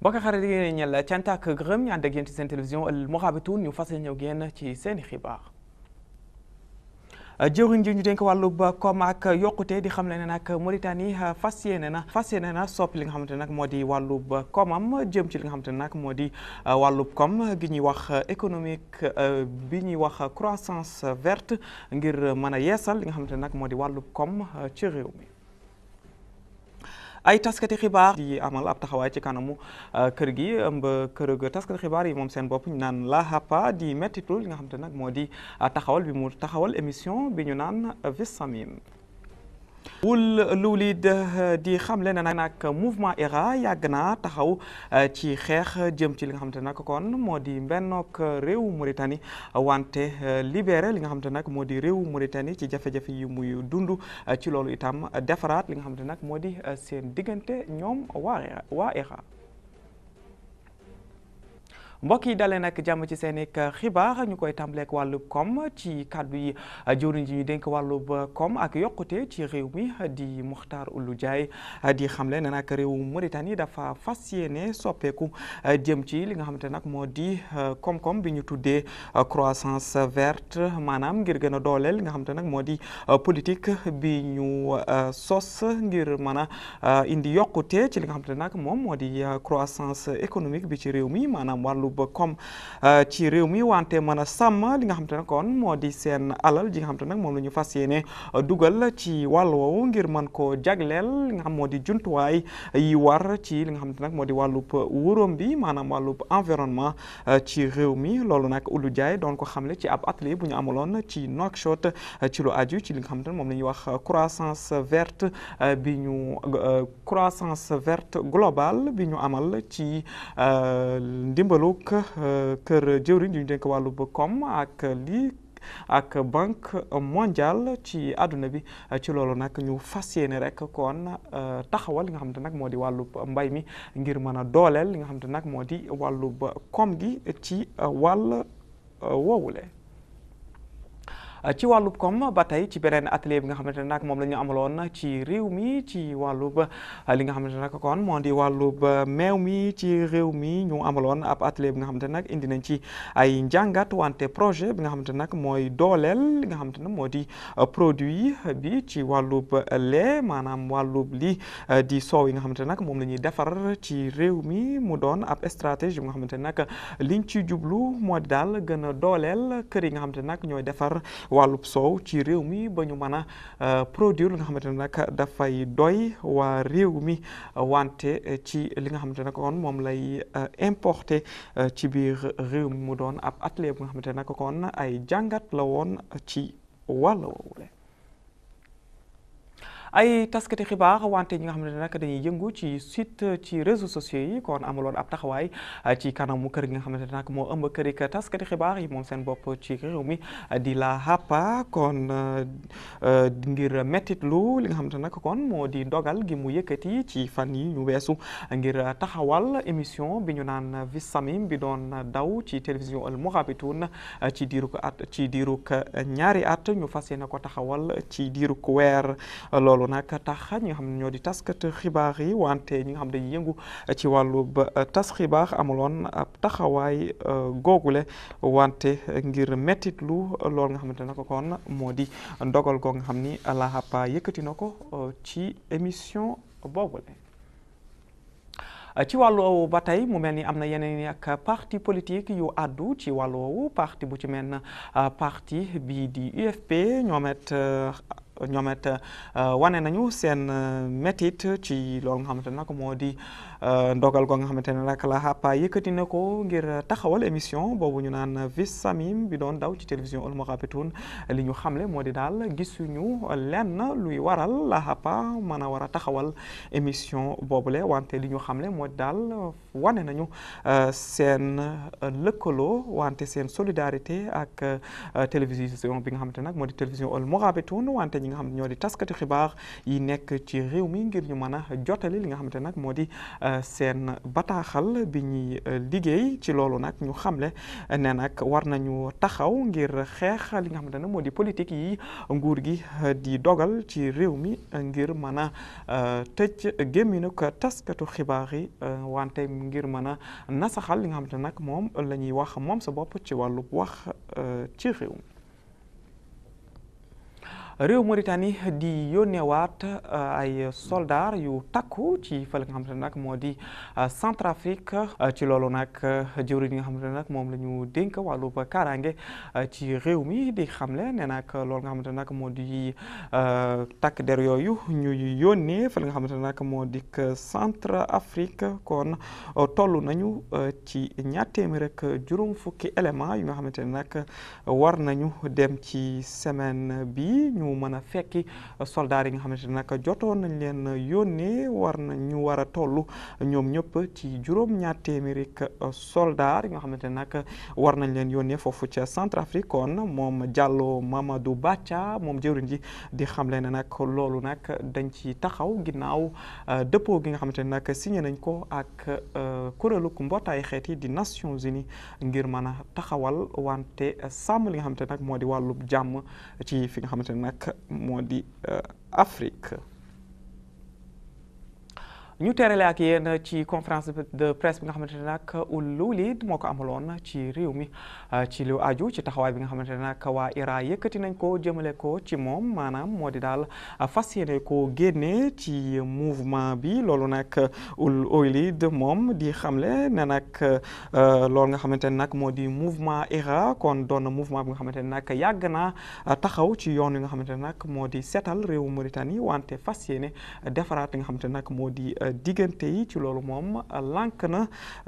mbokk xarit yi ngeen ñeel cant ak gërëm ñu ànd ak yéen ci seen télévision Al Mourabitoun ñu fas ñëw génn ci seeni xibaar jëwriñ ji ñu denk wàllub koom ak yokkute di xam ne nag Mauritanie fas yéene na fas yéene na soppi li nga xamante ne nag moo di wàllub koomam jëm ci li nga xamante ne nag moo di wàllub koom gi ñuy wax économique bi ñuy wax croissance verte ngir mën a yeesal li nga xamante ne nag moo di wàllub koom ci ay taskati xibaar di amal ab taxawaay ci kanamu euh, kër gi ëmb kër ga taskati xibaar yi moom seen bopp ñu naan la hapa di mettitlu li nga xam te nag moo di euh, taxawal bi mu taxawal émission bi ñu naan Vis Samim wul Luulid eh, di xam le ne nag mouvement ERA yàgg naa taxaw eh, ci xeex jëm ci li nga xamante ne nag kon moo di mbennook réew Mauritanie wante eh, libere li nga xamante ne nag moo di réew Mauritanie ci jafe-jafe yi muy dundu ci loolu itam defaraat li nga xamante ne nag moo di seen diggante ñoom waa e waa e mbokk yi dalee nag jàmm ci seen xibaar ñu koy tàmbaleek wàllub koom ci kàddu yi jëwriñ ji ñu dénk wàllub koom ak yokkute ci réew mi di Mokhtar Ould Ndiaye di xamle ne nag réew Mauritanie dafa fas yéene soppeeku jëm ci li nga xamante nag moo di koom-koom bi ñu tuddee croissance vert maanaam ngir gën a dooleel nga xamante nag moo di politique bi ñu sos ngir mën a indi yokkute ci li nga xamante nag moom moo di croissance économique bi ci réew mi maanaam wàllu ba comme euh, ci réew mi wante mën a sàmm li nga xam te ne kon moo di seen alal ji xam te nag moom la ñu fas yéene euh, dugal ci wàll woowu ngir mën koo jagleel li nga xam moo di jumtuwaay yi war ci li nga xam te nag moo di wàllub euh, wóoróom bi maanaam wàllub environnement ci réew mi loolu nag Ould Ndiaye doon ko xamle ci ab atelier bu ñu amaloon ci Nouakchott ci lu aju ci linga xam te ne moom la ñuy wax croissance verte bi ñu croissance verte global bi ñu amal ci ndimbalu Euh, kër jëwriñ ñu denk wàllu ba koom ak lii ak banque mondiale ci àdduna bi ci loolu nag ñu fas yéene rek kon euh, taxawal li nga xamante nag moo di wàllub mbay mi ngir mën a dooleel li nga xamante nag moo di wàllub koom gi ci wàll euh, woowule ci wàllub koom ba tey ci beneen atelier bi nga xamante ne nag moom la ñu amaloon ci réew mi ci wàllub ah, li nga xamante ne nag kon moo di wàllub meew mi ci réew mi ñu amaloon ab atelier bi nga xamante ne nag indi nañ ci ay njàngat wante projet bi nga xamante ne nag mooy dooleel nga xamante ne moo di ah, produit bi ci wàllub lait maanaam wàllub li ah, di soow yi nga xamante nag moom la ñuy defar ci réew mi mu doon ab stratégie bi nga xamante ne nag liñ ci jublu moo di daal gën a dooleel kër yi nga xamante ne nag ñooy defar wàllub soow ci réew mi ba ñu mën a euh, produire li nga xamante ne nag dafay doy waa réew mi wante euh, ci li nga xamante ne nag kon moom lay euh, importé ci biir réew mi mu doon ab atelier bu nga xamante ne nag kon ay jàngat la woon ci wàll woowule ay taskati xibaar wante ñi nga xam ne nag dañuy yëngu ci site ci réseaux sociaux yi kon amuloon ab taxawaay ah, ci kanamu kër gi nga xamante ne nag moo ëmb këri taskati xibaar yi moom seen bopp ci réew mi ah, di la hapa kon ah, ngir metit lu li nga xamante ne nag kon moo di dogal gi mu yëkkati ci fan yi ñu weesu ngir taxawal émission bi ñu naan vis samim bi doon daw ci télévision al mourabitoun ci diiruk at ci diiruk ñaari at ñu fas yéene ko taxawal ci diiruk weer lool loolu nag tax ñi nga xam ñoo di taskat xibaar yi wante ñi nga xam dañuy yëngu ci wàllu ba euh, tas xibaar amuloon ab taxawaay euh, googule wante ngir mettitlu loolu nga xamante ne kon moo di ndogal goog nga xam ni Lahapa yëkkati na ko euh, ci émission boobule. ci wàllu woowu ba tey mu mel ni am na yeneen ak parti politique yu àddu ci wàllu woowu parti bu ci mel ne parti bii di UFP ñoomet ñoom it euh, wane nañu seen euh, métit ci loolu nga xamante ne nag moo di euh, ndogal ko nga xamante ne nag la xàppa yëkkati na ko ngir taxawal émission boobu ñu naan vis samim bi doon daw ci télévision Al Mourabitoun li ñu xamle moo di daal gisuñu lenn luy waral la xàppa war a taxawal émission boobule wante li ñu xamle moo di daal wane nañu seen lëkkaloo wante seen solidarité ak télévision bi nga xamante nag moo di télévision Al Mourabitoun wante nga xam ñoo di taskati xibaar yi nekk ci réew mi ngir ñu mën a jotali li nga xamante nag moo di euh, seen bataaxal bi ñuy euh, liggéey ci loolu nag ñu xamle ne nag war nañu taxaw ngir xeex li nga xamante ne moo di politique yi nguur gi euh, di dogal ci réew mi ngir mën a tëj taskatu xibaar yi wante ngir mën a nasaxal li nga xamante nag moom la ñuy wax moom sa bopp ci wàllu wax ci réew mi réew Mauritanie di yónneewaat euh, ay soldats yu takku ci fële nga xamante ne nag moo di euh, Centrafrique euh, ci loolu nag jëwri yi nga xamante ne nag moom la ñu dénk wàllub kaaraange ci réew mi di xam ne nag loolu nga xamante ne nag moo di takk der yooyu ñuy yónnee fële nga xamante ne nag moo di Centrafrique kon toll nañu ci ñaar téeméer ak juróom fukki éléments yi nga xamante ne nag war nañu dem ci semaine bi ñu mu mën a fekki soldaar yi nga xamante ne nag jotoon nañ leen yónnee war na ñu war a toll ñoom ñëpp ci juróom-ñaar téeméeri soldaar yi nga xamante ne nag war nañ leen yónnee foofu centre Centrafrique kon moom Diallo Mamadou Bacca moom jëwriñ ji di xamle ne nag loolu nag dañ ci taxaw ginnaaw euh, dëppoo gi nga xamante ne nag signé nañ ko ak euh, kuréelu mbootaayu xeet yi di Nations uni ngir mën a taxawal wante sàmm li nga xam ne nag moo di wàllu jàmm ci fi nga xamante ne nag nekk moo di euh, Afrique ñu terale ak yéen ci conférence de presse bi nga xamante ne nag Ullu Lid moo ko amaloon ci réew mi ci lu aju ci taxawaay bi nga xamante ne nag waa IRA yëkkati nañ ko jëmale ko ci moom maanaam moo di daal fas yéene ko génne ci mouvement bi loolu nag Ullu Lid moom di xamle ne nag euh, loolu nga xamante ne nag moo di mouvement IRA kon doon na mouvement bi nga xamante ne nag yàgg naa taxaw ci yoon yi nga xamante ne nag moo di seetal réewu Mauritanie wante fas yéene defara li nga xamante ne nag moo di diggante yi ci loolu moom lànk na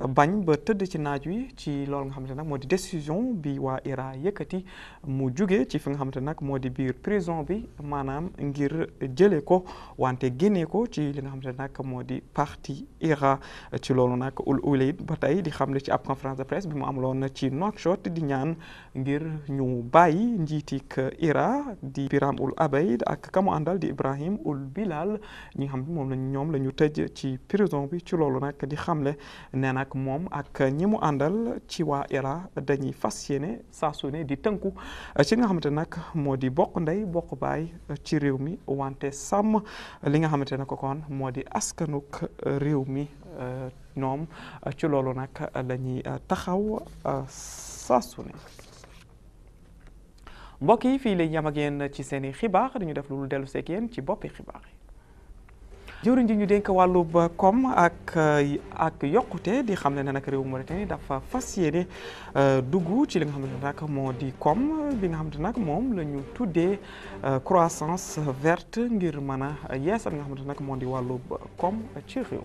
bañ ba tëdd ci naaj wi ci lool nga xam xamante nag moo di décision bi waa IRA yëkkati mu jugee ci fi nga xamante nag moo di biir prison bi maanaam ngir jëlee ko wante génnee ko ci li nga xamante nag moo di parti IRA ci loolu nag ul ule it ba tey di xamle ci ab conférence de presse bi mu amaloon ci Nouakchott di ñaan ngir ñu bàyyi njiitik IRA di Biram Ould Abeid ak kamu àndal di Ibrahim Ould Bilal ñi nga xam moom la ñu tëj ci prison bi ci loolu nag di xamle ne nag moom ak ñi mu àndal ci waa IRA dañuy fas yéene saa di tënku ci nga xamante nag moo di bokk ndey bokk baay ci réew mi wante sàmm li nga xamante ne ko kon moo di askanuk réew mi euh, ñoom ci loolu nag la taxaw euh, saa su ne yi fii lañ yam ak ci seeni i xibaar dañu def lu dellu seeg yéen ci boppi xibaar jëwriñ ji ñu dénk wàllub koom ak euh, ak yokkute di xam ne nag réew Mauritanie dafa fas yéene euh, dugg ci li nga xamante nag moo di koom bi nga xamante nag moom la ñu tuddee euh, croissance verte ngir mën a yeesal nga xamante nag moo di wàllub koom ci réew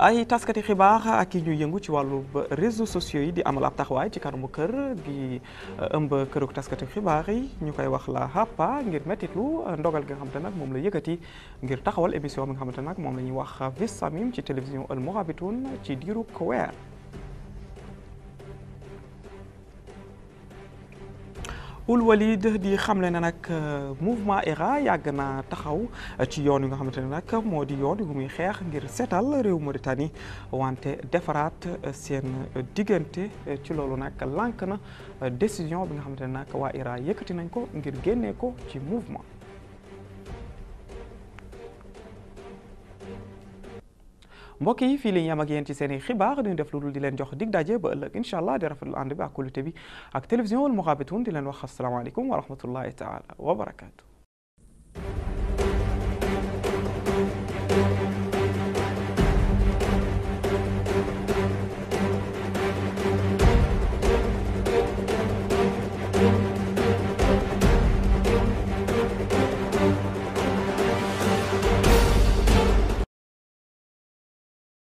ay taskati xibaar ak yi yëngu ci wàllu réseaux sociaux yi di amal ab taxawaay ci kanamu kër gi euh, ëmb këruk taskati xibaar yi ñu koy wax la HAPA ngir mettitlu euh, ndogal gi nga xamante moom la yëkkati ngir taxawal émission bi nga xamante nag moom la ñuy wax Vis Samim ci télévision Al Mourabitoun ci diiru weer Ould Walid di xamle ne nag euh, mouvement ERA yàgg na taxaw euh, ci yoon yi nga xamante ne nag moo di yoon yu muy xeex ngir seetal réew tani wante defaraat euh, seen diggante ci loolu nag lank na décision bi nga xamante ne nag waa ERA yëkkati nañ ko ngir génnee ko ci mouvement mbokk yi fii la ñu am ak yéen ci seen i xibaar def lu dul di leen jox dig daje ba ëllëg incha allah di rafetlu ànd bi ak kóolute bi ak télévision wal muxaabituun di leen wax asalaamaaleykum wa rahmatullahi taala wa barakaatu.